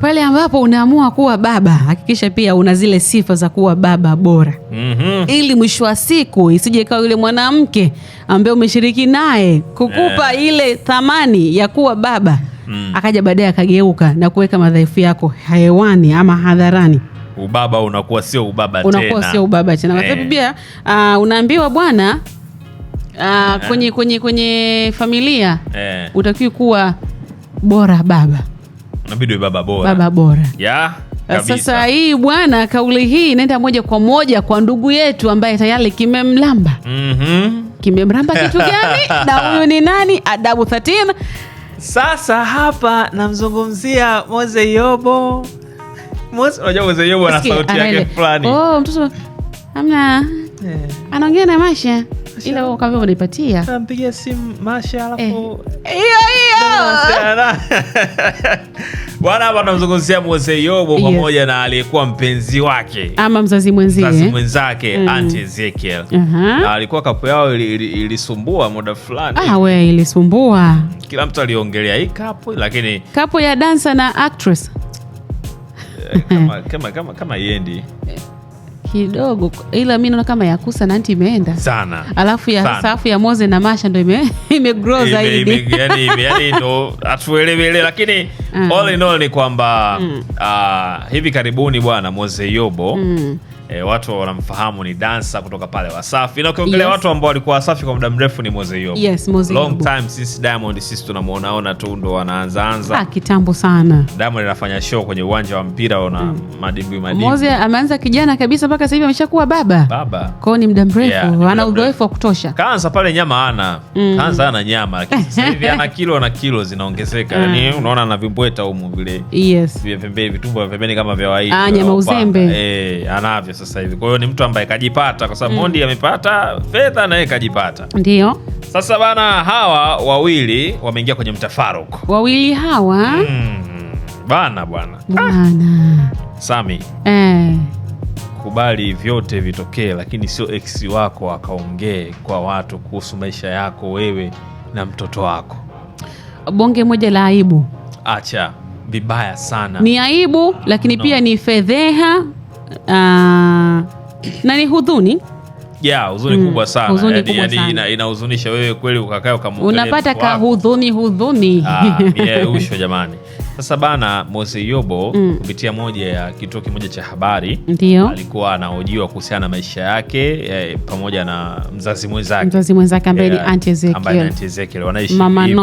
Pale ambapo unaamua kuwa baba, hakikisha pia una zile sifa za kuwa baba bora mm -hmm. ili mwisho wa siku isije ikawa yule mwanamke ambaye umeshiriki naye kukupa yeah. ile thamani ya kuwa baba mm. akaja baadaye akageuka na kuweka madhaifu yako hewani ama hadharani. Ubaba unakuwa sio ubaba, unakuwa sio ubaba tena kwa sababu eh. pia yeah. uh, unaambiwa bwana uh, yeah. Eh. kwenye, kwenye, kwenye familia yeah. utakiwi kuwa bora baba nabidi baba bora, baba bora yeah. Sasa hii bwana, kauli hii inaenda moja kwa moja kwa ndugu yetu ambaye tayari kimemlamba mm -hmm. Kimemlamba kitu gani? na huyu ni nani? Adabu 13. Sasa hapa namzungumzia Moze Yobo. Unajua Moze Yobo ana sauti yake fulani. Oh, mtoto amna, eh. anaongea na Masha ila wao kama unaipatia, nampigia simu Masha, alafu eh. hiyo hiyo bwana hapa anamzungumzia Mose Yobo pamoja na aliyekuwa mpenzi wake ama mzazi mwenzie mzazi mwenzake mm. anti Ezekiel alikuwa kapu yao ilisumbua muda fulani, ah we, ilisumbua kila mtu aliongelea hii kapo lakini kapu ya dancer na actress eh, kama, kama, kama, kama iendi eh kidogo, ila mi naona kama Yakusa na Anti imeenda sana, alafu ya sana. Safu ya Moze na Masha ndo imegrow zaidi, yani ndo hatuelewele, lakini ah. all in all ni kwamba mm. uh, hivi karibuni bwana Moze Yobo mm e, watu wanamfahamu ni dansa kutoka pale Wasafi, na ukiongelea yes. watu ambao walikuwa Wasafi kwa muda mrefu ni Moze Iyobo. Yes, Moze Iyobo. time since Diamond, sisi tunamwonaona tu ndo wanaanzaanza. Ah, kitambo sana Diamond anafanya show kwenye uwanja wa mpira na mm. madimbwi madimbwi. Moze ameanza kijana kabisa mpaka sasa hivi ameshakuwa baba baba, kwao ni muda mrefu yeah, ana uzoefu wa kutosha. Kaanza pale nyama ana mm. kaanza ana nyama, lakini sasa hivi ana kilo na kilo zinaongezeka mm. yani unaona ana vimbweta humu vile yes. vitumbo vya pembeni kama vya waidi, ah, nyama uzembe eh, anavyo sasa hivi. Kwa hiyo ni mtu ambaye kajipata, kwa sababu mm. Mondi mm. amepata fedha naye kajipata. Ndio sasa bana, hawa wawili wameingia kwenye mtafaruku wawili hawa mm. bana bwana bwana ah. Sami eh. Kubali vyote vitokee, lakini sio ex wako akaongee kwa watu kuhusu maisha yako wewe na mtoto wako. Bonge moja la aibu, acha vibaya sana, ni aibu lakini no. pia ni fedheha uh, na ni hudhuni ya huzuni mm, kubwa sana, huzuni yani, kubwa yani sana. Ina, inahuzunisha wewe kweli ukakaa ukamwangalia unapata kahudhuni huzuni hudhuni. Ah, usho jamani Sasa bana Mose Yobo mm. kupitia moja ya kituo kimoja cha habari ndio alikuwa anahojiwa kuhusiana na maisha yake eh, pamoja na mzazi mwenzake mzazi mwenzake ambaye ni eh, Ezekiel, wanaishi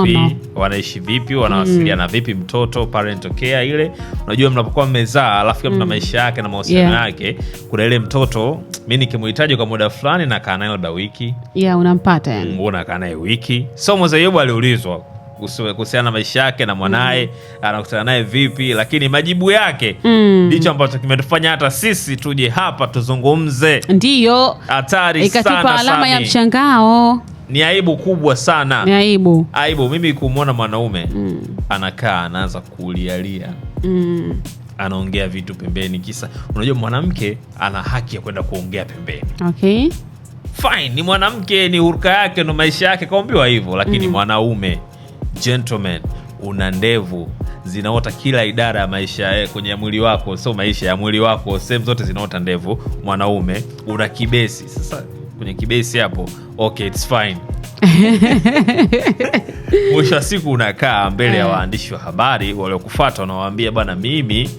vipi, wanaishi vipi, wanawasiliana mm. vipi, mtoto parental care ile, unajua mnapokuwa mmezaa alafu mm. na maisha yake na mahusiano yeah. yake, kuna ile mtoto mi nikimhitaji kwa muda fulani nakaa naye labda wiki yeah, unampata yani, mm, unakaa naye wiki. So Mose Yobo aliulizwa kuhusiana na maisha yake na mwanaye mm. anakutana naye vipi, lakini majibu yake mm. ndicho mm. ambacho kimetufanya hata sisi tuje hapa tuzungumze. Ndiyo hatari ikatupa alama ya mshangao ni aibu kubwa sana, ni aibu, aibu mimi kumwona mwanaume mm. anakaa anaanza kulialia mm. anaongea vitu pembeni, kisa unajua mwanamke ana haki ya kwenda kuongea pembeni okay. Fine, ni mwanamke, ni huruka yake, ndo maisha yake, kaambiwa hivyo, lakini mm. mwanaume gentleman, una ndevu zinaota kila idara ya maisha eh, kwenye mwili wako, sio maisha ya mwili wako, sehemu zote zinaota ndevu. Mwanaume una kibesi. Sasa kwenye kibesi hapo, okay it's fine mwisho wa siku unakaa mbele ya eh. waandishi wa habari waliokufata, wanawambia bwana, mimi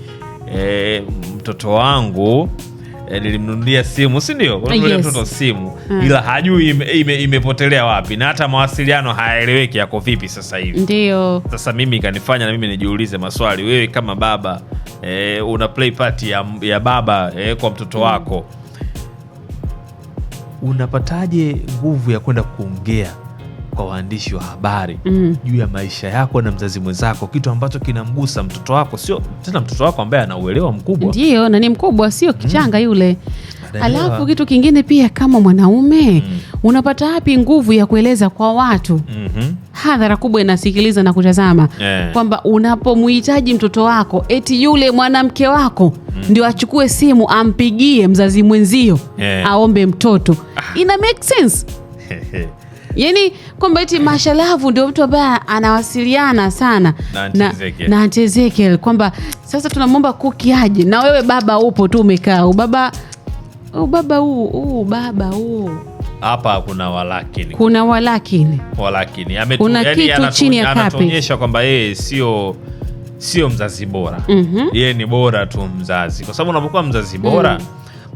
eh, mtoto wangu nilimnunulia simu, sindio ndio? yes. mtoto simu mm. ila hajui imepotelea ime, ime wapi, na hata mawasiliano hayaeleweki yako vipi sasa hivi, ndio sasa mimi ikanifanya na mimi nijiulize maswali. Wewe kama baba e, una play part ya, ya baba e, kwa mtoto hmm. wako unapataje nguvu ya kwenda kuongea kwa waandishi wa habari mm. juu ya maisha yako na mzazi mwenzako, kitu ambacho kinamgusa mtoto wako, sio tena mtoto wako ambaye ana uelewa mkubwa, ndio na ni mkubwa, sio mm. kichanga mm. yule Alafu kitu kingine pia kama mwanaume mm. unapata wapi nguvu ya kueleza kwa watu mm -hmm. hadhara kubwa inasikiliza na kutazama yeah. kwamba unapomhitaji mtoto wako eti yule mwanamke wako mm. ndio achukue simu ampigie mzazi mwenzio yeah. aombe mtoto ah. ina make sense yani kwamba eti Mashalavu ndio mtu ambaye anawasiliana sana na Aunt Ezekiel kwamba sasa tunamwomba Kuki aje, na wewe baba upo tu umekaa, ubaba ubaba huu huu baba huu hapa kuna walakini, kuna walakini, walakini ametu, kuna yani kitu chini ya kapi anatuonyesha kwamba yeye sio sio mzazi bora mm -hmm. Yeye ni bora tu mzazi, kwa sababu unapokuwa mzazi bora mm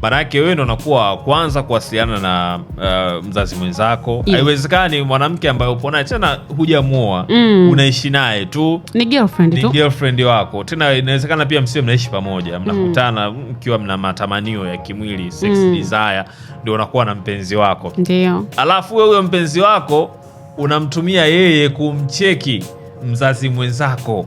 maanake wewe ndo unakuwa kwanza kuwasiliana na uh, mzazi mwenzako. Haiwezekani mwanamke ambaye upo naye tena hujamwoa mm. unaishi naye tu, ni girlfriend ni girlfriend wako tena. Inawezekana pia msiwe mnaishi pamoja, mm. mnakutana mm, mkiwa mna matamanio ya kimwili sex mm. desire, ndio unakuwa na mpenzi wako, ndio alafu wewe huyo mpenzi wako unamtumia yeye kumcheki mzazi mwenzako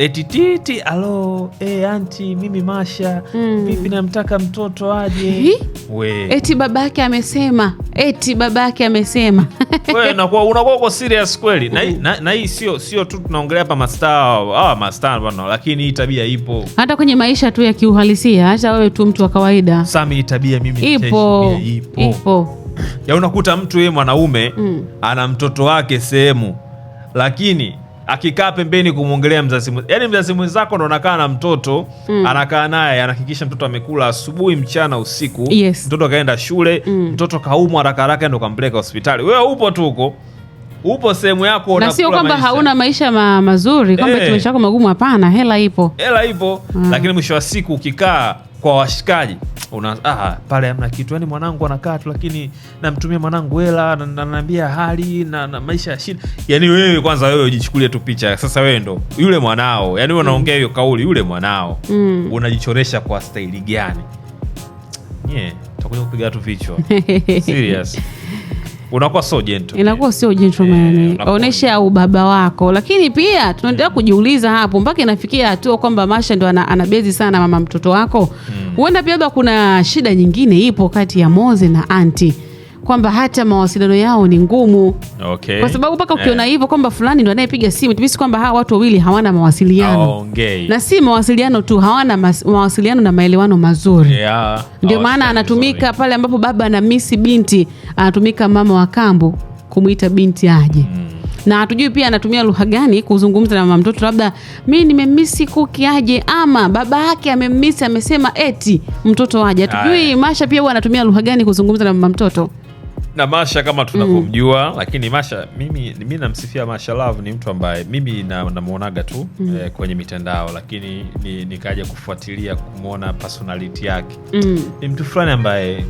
etititi alo, e, anti mimi Masha hmm. vipi, mm. namtaka mtoto aje we. Eti yake amesema, eti yake amesema. We unakuwa uko serious kweli? na, hmm. na, na hii sio sio tu tunaongelea hapa mastaa mastaa bwana, lakini hii tabia ipo hata kwenye maisha tu ya kiuhalisia, hata wewe tu mtu wa kawaida. Sami, hii tabia mimi ipo, ipo. ipo. ya unakuta mtu yeye mwanaume mm. ana mtoto wake sehemu lakini akikaa pembeni kumwongelea mzazi mwenzako. Yani mzazi mwenzako ndo anakaa na mtoto mm. anakaa naye anahakikisha mtoto amekula asubuhi, mchana, usiku yes. mtoto kaenda shule mm. mtoto kaumwa haraka haraka ndo kampeleka hospitali, wewe upo tu huko upo sehemu yako, na sio kwamba hauna maisha ma mazuri, kwamba hey. Eh. maisha yako magumu. Hapana, hela ipo, hela ipo ah. Lakini mwisho wa siku ukikaa kwa washikaji una ah, pale amna kitu yani, mwanangu anakaa tu, lakini namtumia mwanangu hela na hali na, na maisha ya shida. Yani wewe kwanza, wewe ujichukulie tu picha sasa, wewe ndo yule mwanao yani, wewe unaongea mm. hiyo mm. kauli yule mwanao mm. unajichoresha kwa staili gani? Yeah, takuja kupiga watu vichwa serious unakuwa sio gentle, inakuwa sio gentleman, eh, onyesha ubaba wako. Lakini pia tunaendelea kujiuliza hapo mpaka inafikia hatua kwamba Masha ndo anabezi sana mama mtoto wako. Hmm. Huenda pia labda kuna shida nyingine ipo kati ya Moze na anti kwamba hata mawasiliano yao ni ngumu okay. Kwa sababu mpaka ukiona eh. hivyo kwamba fulani ndo anayepiga simu tumisi kwamba hawa watu wawili hawana mawasiliano okay. Na si mawasiliano tu, hawana mawasiliano na maelewano mazuri yeah. Ndio maana anatumika mzuri. Pale ambapo baba misi binti anatumika mama wa kambo kumwita binti aje mm na hatujui pia anatumia lugha gani kuzungumza na mama mtoto, labda mi nimemisi kuki aje, ama baba yake amemisi amesema eti mtoto aje. Hatujui Masha pia huwa anatumia lugha gani kuzungumza na mama mtoto na Masha kama tunavyomjua mm. Lakini Masha mimi, mi namsifia Masha Love ni mtu ambaye mimi namwonaga na tu mm. eh, kwenye mitandao lakini nikaja ni kufuatilia kumwona personality yake mm. Ni mtu fulani ambaye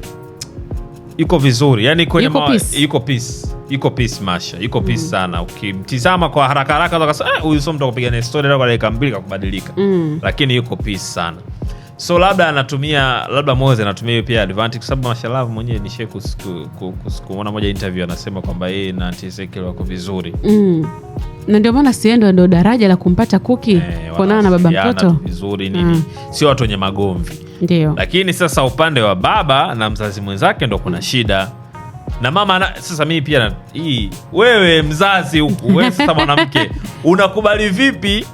yuko vizuri yani kwenye yuko, ma... peace. yuko peace yuko peace Masha yuko mm. peace mm. sana. Ukimtizama kwa haraka haraka ah, huyu sio mtu akupiga stori kwa dakika mbili kakubadilika mm. Lakini yuko peace sana so labda anatumia labda Moze anatumia hiyo pia advantage kwa sababu mashallah mwenyewe nishe kuona moja interview anasema kwamba yeye na Antisekelo wako vizuri mm. na ndio maana siendo ndo daraja la kumpata Kuki eh, kuonana na baba mtoto vizuri mm. nini mm. sio watu wenye magomvi ndio, lakini sasa upande wa baba na mzazi mwenzake ndo kuna shida na mama na, sasa mimi pia hii wewe mzazi huku wewe sasa mwanamke unakubali vipi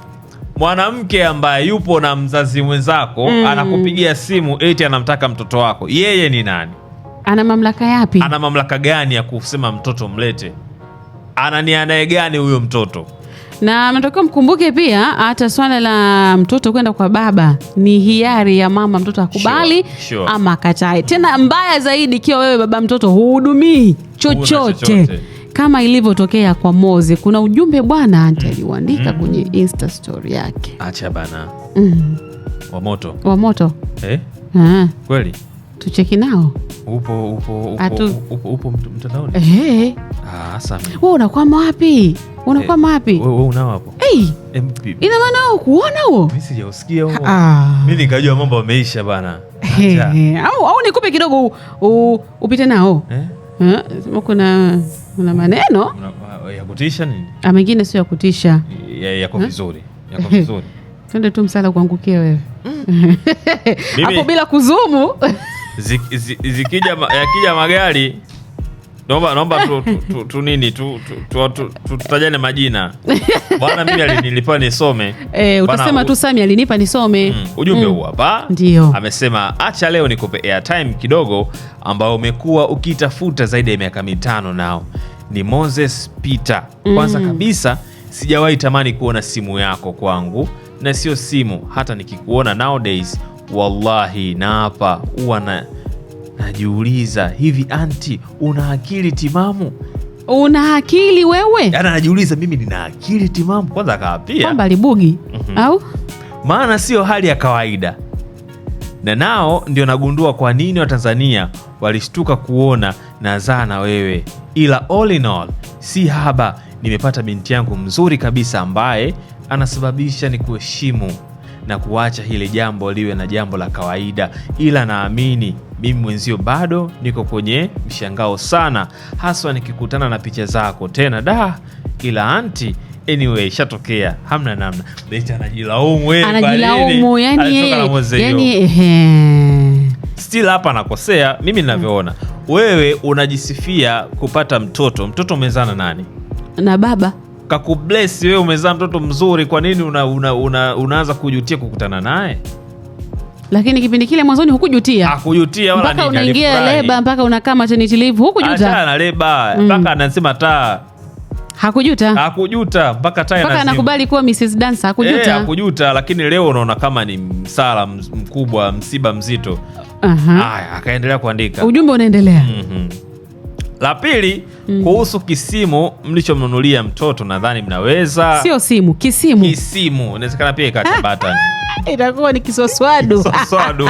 mwanamke ambaye yupo na mzazi mwenzako mm. anakupigia simu eti anamtaka mtoto wako, yeye ni nani? Ana mamlaka yapi? Ana mamlaka gani ya kusema mtoto mlete? Anani anaye gani huyo mtoto? Na natakiwa mkumbuke pia hata swala la mtoto kwenda kwa baba ni hiari ya mama, mtoto akubali sure, sure, ama akatae. Tena mbaya zaidi, ikiwa wewe baba mtoto huhudumii chochote kama ilivyotokea kwa Moze, kuna ujumbe bwana anti aliuandika mm -hmm. kwenye insta story yake, acha bana mm. wa moto wa moto eh? kweli tucheki nao upo, upo, upo, upo, mtandaoni hey. Eh, eh, eh. Ah, unakwama wapi? unakwama wapi? hey, unao hapo hey. Ina maana wao kuona huo, mimi sijausikia huo, ah. mimi nikajua mambo yameisha bana. Au au nikupe kidogo upite nao eh? Ha, kuna una maneno uh, ya kutisha nini? Ah, mengine sio ya kutisha, yako vizuri, yako vizuri. Twende tu msala kuangukia wewe mm. hapo bila kuzumu. Zikija yakija magari Naomba naomba tu, tu, tu, nini tu, tutajane majina. Bwana mimi alinilipa nisome. Eh, utasema tu Sami alinipa nisome. Mm, ujumbe mm. huu mm, hapa. Ndio. Amesema acha leo nikupe airtime kidogo ambao umekuwa ukitafuta zaidi ya miaka mitano nao. Ni Moses Peter. Kwanza mm, kabisa sijawahi tamani kuona simu yako kwangu na sio simu hata nikikuona nowdays wallahi naapa huwa na Najiuliza, hivi anti, una akili timamu? Una akili wewe? Yani anajiuliza mimi nina akili timamu? Kwanza akaapia kwamba libugi mm -hmm. au maana sio hali ya kawaida. Na nao ndio nagundua kwa nini Watanzania walishtuka kuona nazaa na wewe, ila all in all si haba, nimepata binti yangu mzuri kabisa ambaye anasababisha ni kuheshimu na kuacha hili jambo liwe na jambo la kawaida, ila naamini mimi mwenzio bado niko kwenye mshangao sana, haswa nikikutana na picha zako tena da, ila anti Anyway, shatokea hamna namna, beti anajilaumu, anajilaumu yani, still hapa anakosea. Mimi ninavyoona wewe unajisifia kupata mtoto, mtoto umezana nani na baba kakubless wewe, umezaa mtoto mzuri, kwa nini una, una, una, unaanza kujutia kukutana naye? lakini kipindi kile mwanzoni hukujutia, hakujutia wala mpaka unaingia leba, mpaka unakaa maternity leave hukujuta. leba mm. mpaka mm. anasema taa hakujuta hakujuta mpaka taa mpaka anakubali kuwa Mrs Dancer hakujuta, eh, hakujuta. Lakini leo unaona kama ni msala mkubwa, msiba mzito. Haya, akaendelea kuandika, ujumbe unaendelea mm -hmm. La pili mm. kuhusu kisimu mlichomnunulia mtoto, nadhani mnaweza, sio simu, kisimu, kisimu inawezekana pia ikatabata ah, itakuwa ni kisoswadu kisoswadu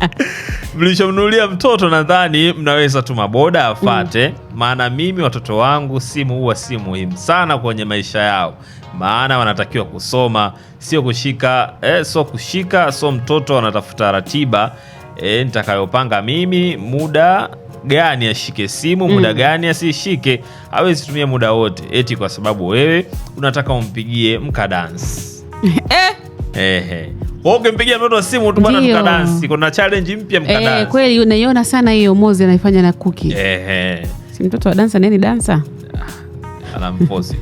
mlichomnunulia mtoto, nadhani mnaweza tu maboda afate, mm. maana mm. mimi watoto wangu simu huwa si muhimu sana kwenye maisha yao, maana wanatakiwa kusoma, sio kushika eh, so kushika so mtoto anatafuta ratiba eh, nitakayopanga mimi muda gani ashike simu muda mm, gani asishike, hawezi tumia muda wote, eti kwa sababu wewe unataka umpigie mkadansi eh. Eh, kwa ukimpigia mtoto simu tu bana, mkadansi. Kuna challenge mpya mkadansi. Eh, kweli unaiona sana hiyo Mozi anaifanya na Kuki. Eh, eh. Si mtoto wa dansa nani dansa? Ah, Anampozi.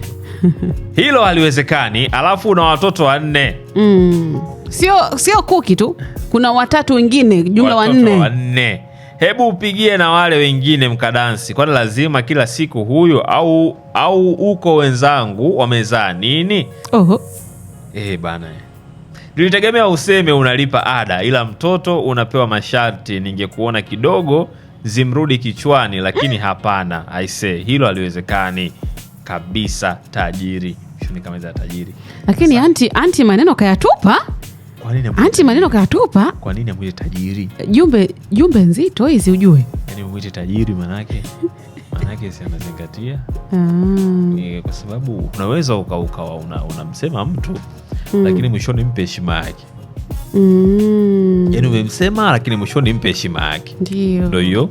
Hilo haliwezekani, alafu una watoto wanne. Mm. Sio sio Kuki tu. Kuna watatu wengine jumla wanne. Watoto wanne hebu upigie na wale wengine mkadansi, kwani lazima kila siku huyo au au uko wenzangu wamezaa nini? Oho. Eh, bana nilitegemea useme unalipa ada, ila mtoto unapewa masharti. Ningekuona kidogo zimrudi kichwani, lakini eh. hapana, aise, hilo haliwezekani kabisa. Tajiri tajiri, lakini anti, anti maneno kayatupa Anti maneno katupa. Kwa nini amwite tajiri? Jumbe jumbe nzito hizi ujue. yani mwite tajiri manake manake si anazingatia mm. E, kwa sababu unaweza ukawa unamsema una mtu mm. Lakini mwishoni mpe heshima yake mm. yani umemsema lakini mwishoni mpe heshima yake, ndio hiyo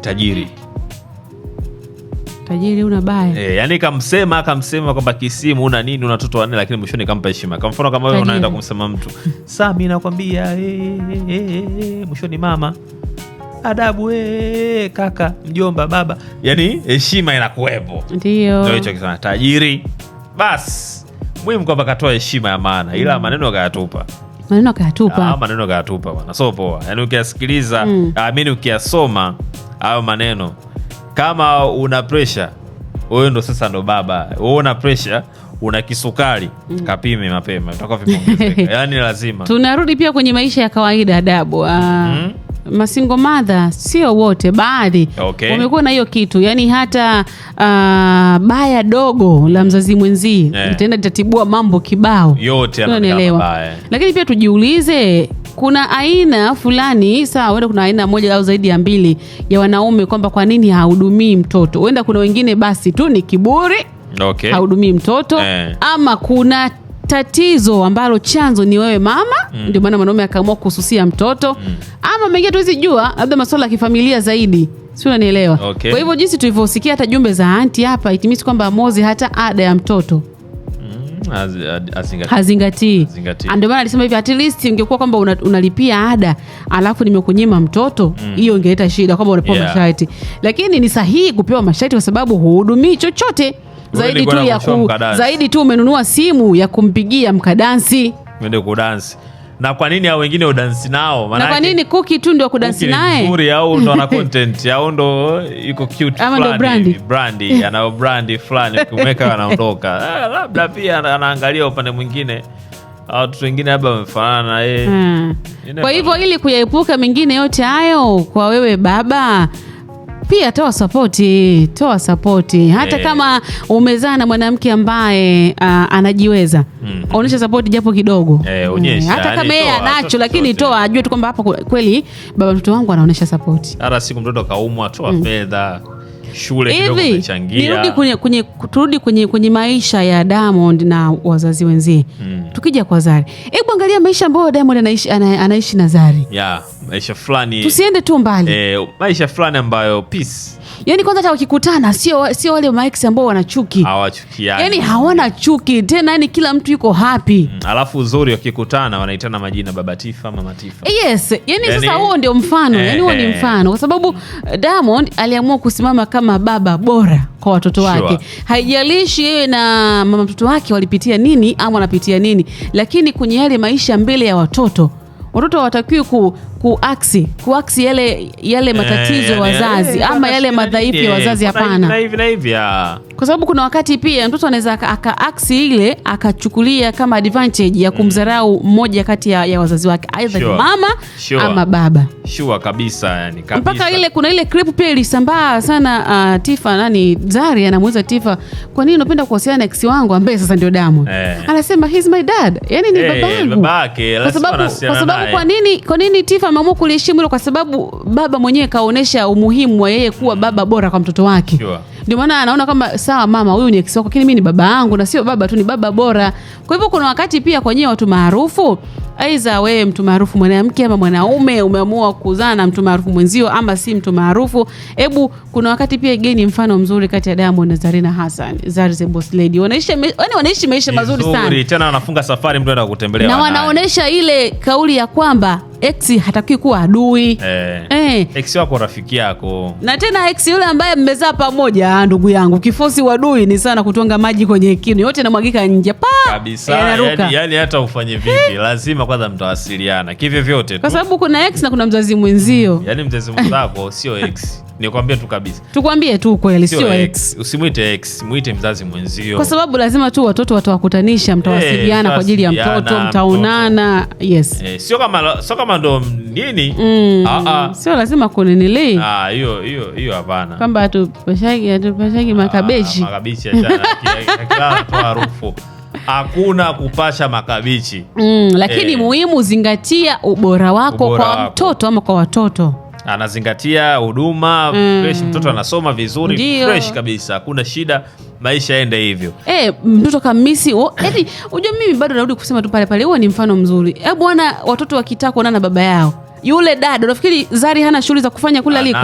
tajiri tajiri una baya e, yani kamsema kamsema kwamba Kisimu una nini, una watoto wanne, lakini mwishoni kampa heshima. Kwa mfano kama wewe unaenda kumsema mtu mi nakwambia e, e, e, mwishoni mama adabu e, kaka mjomba baba, yani heshima inakuwepo. Ndio hicho kisema tajiri, basi muhimu kwamba katoa heshima ya maana, ila mm. maneno kayatupa maneno kayatupa ah, maneno kayatupa bwana, so poa. Yani ukiyasikiliza mm. amini ah, ukiyasoma ayo maneno kama una presha wewe ndo sasa ndo baba, wewe una presha una kisukari mm. Kapime mapema utakuwa vimeongezeka yani lazima. Tunarudi pia kwenye maisha ya kawaida dabo ah, mm. Masingo madha sio wote, baadhi okay. Wamekuwa na hiyo kitu yani hata uh, baya dogo la mzazi mwenzii yeah. Itaenda itatibua mambo kibao yote, yanaelewa lakini pia tujiulize kuna aina fulani sawa, huenda kuna aina moja au zaidi ya mbili ya wanaume kwamba kwa nini hahudumii mtoto. Huenda kuna wengine basi tu ni kiburi, okay. hahudumii mtoto eh. ama kuna tatizo ambalo chanzo ni wewe mama mm. Ndio maana mwanaume akaamua kuhususia mtoto mm. Ama mengine tuwezi jua, labda masuala ya kifamilia zaidi, si unanielewa? okay. Kwa hivyo jinsi tulivyosikia hata jumbe za anti hapa, itimisi kwamba Mozi hata ada ya mtoto hazingatii. Ah, ndio maana alisema hivi, at least ingekuwa kwamba unalipia una ada alafu nimekunyima mtoto, mm. hiyo mm. ingeleta shida kwamba unapewa yeah. masharti, lakini ni sahihi kupewa masharti kwa sababu huhudumii chochote zaidi tu, ya ku, zaidi tu umenunua simu ya kumpigia mkadansi kudansi na kwa nini hao wengine udansi nao? na kwa nini Kuki tu ndio kudansi naye nzuri, au ndo ana content au ndo iko cute ama ndo brandi brandi, ana brandi fulani, ukimweka anaondoka. Ah, labda pia anaangalia upande mwingine watu wengine labda wamefanana na yeye. Hmm. Kwa hivyo ili kuyaepuka mengine yote hayo, kwa wewe baba pia toa sapoti, toa sapoti hata e. kama umezaa na mwanamke ambaye uh, anajiweza mm -hmm. Onyesha sapoti japo kidogo e, onyesha, hata kama yeye anacho lakini toa, ajue tu kwamba hapa kweli baba mtoto wangu anaonyesha sapoti. Hata siku mtoto kaumwa, toa mm. fedha shule kidogo imechangia. Nirudi kwenye, kwenye, turudi kwenye, kwenye maisha ya Diamond na wazazi wenzie mm. Tukija kwa Zari, hebu angalia maisha ambayo Diamond anaishi, anaishi na Zari yeah, maisha fulani tusiende tu mbali eh, maisha fulani ambayo peace yani kwanza hata wakikutana sio sio wale max ambao wana chuki, hawachukiani yani hawana chuki tena, yani kila mtu yuko happy mm. Alafu uzuri wakikutana wanaitana majina baba Tifa, mama Tifa. Yes, yani yaani- sasa huo ndio mfano yani huo ni eh, eh. mfano kwa sababu eh, Diamond aliamua kusimama kama baba bora kwa watoto sure. wake haijalishi yeye na mama mtoto wake walipitia nini ama wanapitia nini, lakini kwenye yale maisha mbele ya watoto watoto hawatakiwi kuaksi kuaksi yale yale eh, matatizo e, wazazi e, ama yale madhaifu ya wazazi. Hapana, kwa sababu kuna wakati pia mtoto anaweza akaaksi ile akachukulia kama advantage ya kumdharau mm. mmoja kati ya, ya wazazi wake aidha sure, mama sure, ama baba sure, kabisa, yani, kabisa. Mpaka ile kuna ile clip pia ilisambaa sana uh, Tifa nani Zari anamuuliza Tifa, kwa nini unapenda kuwasiliana na ex wangu ambaye sasa ndio damu eh. Anasema he's my dad, yani ni hey, eh, babangu, kwa sababu kwa nini kwa nini Tifa ameamua kuliheshimu hilo kwa sababu baba mwenyewe kaonesha umuhimu wa yeye kuwa baba bora kwa mtoto wake sure. Ndio maana anaona kama sawa, mama huyu ni ex wako, lakini mimi ni baba yangu, na sio baba tu, ni baba bora. Kwa hivyo kuna wakati pia kwenye watu maarufu Aidha, wewe mtu maarufu mwanamke ama mwanaume umeamua kuzaa na mtu maarufu mwenzio ama si mtu maarufu. Hebu kuna wakati pia geni mfano mzuri kati ya Diamond na Zarina Hassan, Zari the Boss Lady. Wanaishi wanaishi maisha mazuri sana. Tena wanafunga safari mtu anaenda kutembelea. Na wanaonesha ile kauli ya kwamba ex hataki kuwa adui. Eh. Eh. Ex wako rafiki yako. Na tena ex yule ambaye mmezaa pamoja, ndugu yangu, kifosi wadui ni sana kutonga maji kwenye kinu. Yote namwagika nje. Pa kabisa. Eh, yaani yani hata ufanye vipi, lazima kwanza mtawasiliana kivyo vyote, kwa sababu kuna ex na kuna mzazi mwenzio. Mm, yaani mzazi mwenzako sio ex Nikwambie tu kabisa, tukwambie tu kweli, sio ex. Usimwite ex, mwite mzazi mwenzio, kwa sababu lazima tu watoto watawakutanisha, mtawasiliana hey, eh, kwa ajili ya mtoto, mtaonana. Yes, hey, eh, sio kama sio kama ndo nini mm, ah, ah. Sio lazima kunenilei ah, hiyo hiyo hiyo, hapana, kwamba tupashagi tupashagi ah, makabeji, makabeji achana, kila harufu hakuna kupasha makabichi mm, lakini e, muhimu zingatia ubora wako ubora kwa wako. mtoto ama kwa watoto anazingatia huduma mm. fresh, mtoto anasoma vizuri Ndiyo. fresh kabisa, hakuna shida, maisha yaende hivyo e, mtoto kamisi yaani, unajua mimi bado narudi kusema tu pale pale, huo ni mfano mzuri e, bwana, watoto wakitaka kuonana na baba yao yule dada unafikiri Zari hana shughuli za kufanya kule aliko?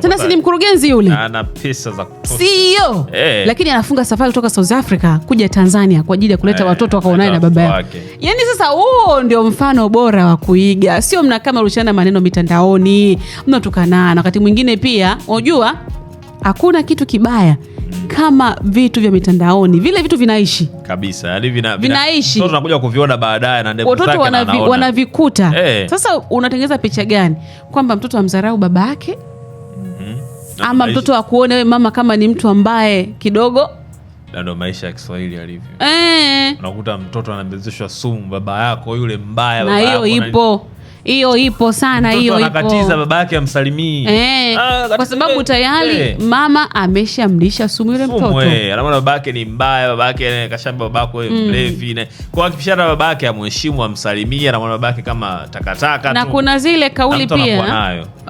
Tena ni mkurugenzi yule, ana pesa za CEO. Hey. Eh. Lakini anafunga safari kutoka South Africa kuja Tanzania kwa ajili ya kuleta hey, eh, watoto wakaonane na baba yake. yani sasa huo ndio mfano bora wa kuiga, sio mnakama rushana maneno mitandaoni mnatukanana, wakati mwingine pia unajua hakuna kitu kibaya kama vitu vya mitandaoni. Vile vitu vinaishi kabisa, yani vina, vinaishi watoto wanakuja kuviona baadaye na ndevu zake wanavi, wanavikuta hey. Eh. Sasa unatengeneza picha gani kwamba mtoto amdharau baba yake mm -hmm. ama mtoto akuone wewe mama kama ni mtu ambaye kidogo ndio maisha ya Kiswahili yalivyo. Eh. Unakuta mtoto anabezeshwa sumu baba yako yule mbaya, na hiyo ipo hiyo ipo sana, hiyo ipo. Anakatiza baba yake amsalimii eh, ah, kwa sababu eh, tayari eh. mama ameshamlisha sumu yule mtoto eh, baba yake ni mbaya, baba yake eh, kashamba, baba yako mm. mlevi mm. Kwa akipishana baba yake amheshimu, amsalimii, anamwona baba yake kama takataka na tu. Kuna zile kauli pia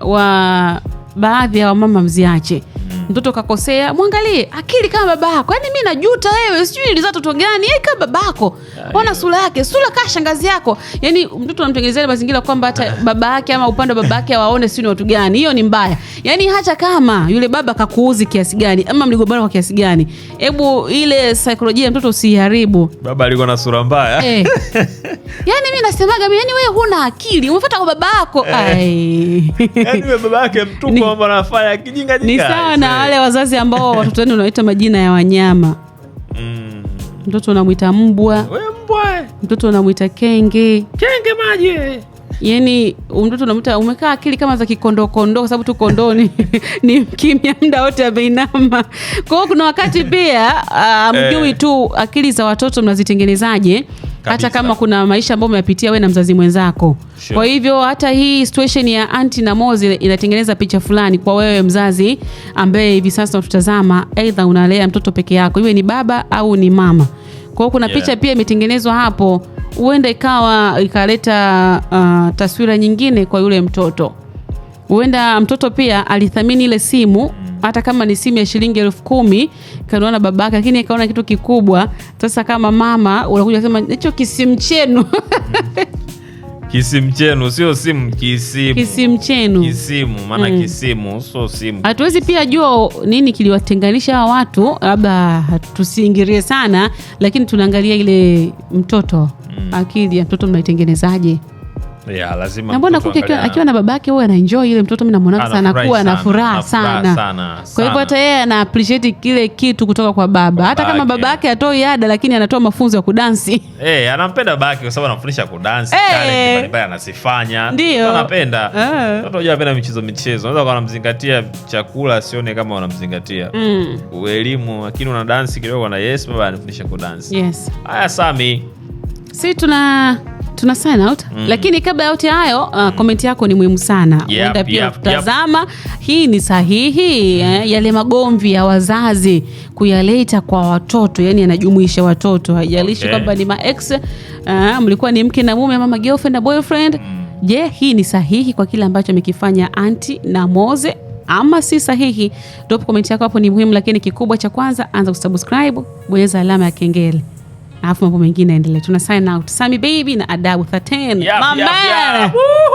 wa baadhi ya wamama mziache Mm-hmm. mtoto mm. kakosea, mwangalie akili kama babako. yani mi najuta wewe, sijui niliza toto gani? Yeye yaani kama babako, ona sura yake, sura kaa shangazi yako. yani mtoto anamtengenezea mazingira kwamba hata baba yake ama upande wa baba yake awaone sijui ni watu gani. Hiyo ni mbaya. yani hata kama yule baba kakuuzi kiasi gani ama mligombana kwa kiasi gani, hebu ile sikolojia ya mtoto usiiharibu Baba alikuwa na sura mbaya eh. yani mi nasemaga yani wee huna akili, umefata kwa baba yako. Eh. Ai, yaani baba yake mtupu, mambo anafanya na wale wazazi ambao watoto wenu unawaita majina ya wanyama mm. Mtoto unamwita mbwa, mtoto unamwita kenge, kenge maji Yaani mtoto unamwita umekaa akili kama za kikondokondo kwa sababu tu kondoo ni, ni mkimya muda wote ameinama. Kwa hiyo kuna wakati pia um, ah, mjui eh. tu akili za watoto mnazitengenezaje hata kama kuna maisha ambayo umeyapitia we na mzazi mwenzako sure. Kwa hivyo hata hii situation ya anti na Mozi inatengeneza picha fulani kwa wewe mzazi ambaye hivi sasa unatutazama aidha unalea mtoto peke yako, iwe ni baba au ni mama. Kwa kuna yeah. picha pia imetengenezwa hapo, huenda ikawa ikaleta uh, taswira nyingine kwa yule mtoto huenda mtoto pia alithamini ile simu hata kama ni simu ya shilingi elfu kumi kanaona babake, lakini akaona kitu kikubwa. Sasa kama mama unakuja kusema hicho kisimu chenu kisimu chenu sio simu, kisimu kisimu chenu kisimu, maana mm, kisimu sio simu. Hatuwezi pia jua nini kiliwatenganisha hawa watu, labda tusiingirie sana, lakini tunaangalia ile mtoto mm, akili ya mtoto mnaitengenezaje? Yeah, lazima na mbona kuke akiwa na babake huyo anaenjoy ile mtoto, mimi namuona sana kuwa furaha sana, sana. Kwa hivyo hata yeye ana kile kitu kutoka kwa baba, hata kama babake atoi ada, lakini anatoa mafunzo ya kudansi. Eh, anampenda babake kwa sababu anamfundisha kudansi, eh! mbalimbali anazifanya. Ndio. Anapenda. Eh. Mtoto anapenda michezo michezo. Unaweza chakula, sione kama unamzingatia. Mm. Elimu, lakini una dance kidogo na yes, baba anafundisha kudansi. Yes. Haya, Sami. Si tuna tuna sign out mm. Lakini kabla yote hayo uh, komenti yako ni muhimu sana yep, pia yep, kutazama yep. Hii ni sahihi eh, yale magomvi ya wazazi kuyaleta kwa watoto, yani yanajumuisha watoto, haijalishi okay. kwamba ni max uh, eh, mlikuwa ni mke na mume, mama girlfriend na boyfriend mm. Je, hii ni sahihi kwa kile ambacho amekifanya anti na Moze ama si sahihi? Drop komenti yako hapo, ni muhimu. Lakini kikubwa cha kwanza, anza kusubscribe, bonyeza alama ya kengele alafu mambo mengine yaendelee. Tuna sign out Sami Baby na Adabu 13 yep, my yep, yep.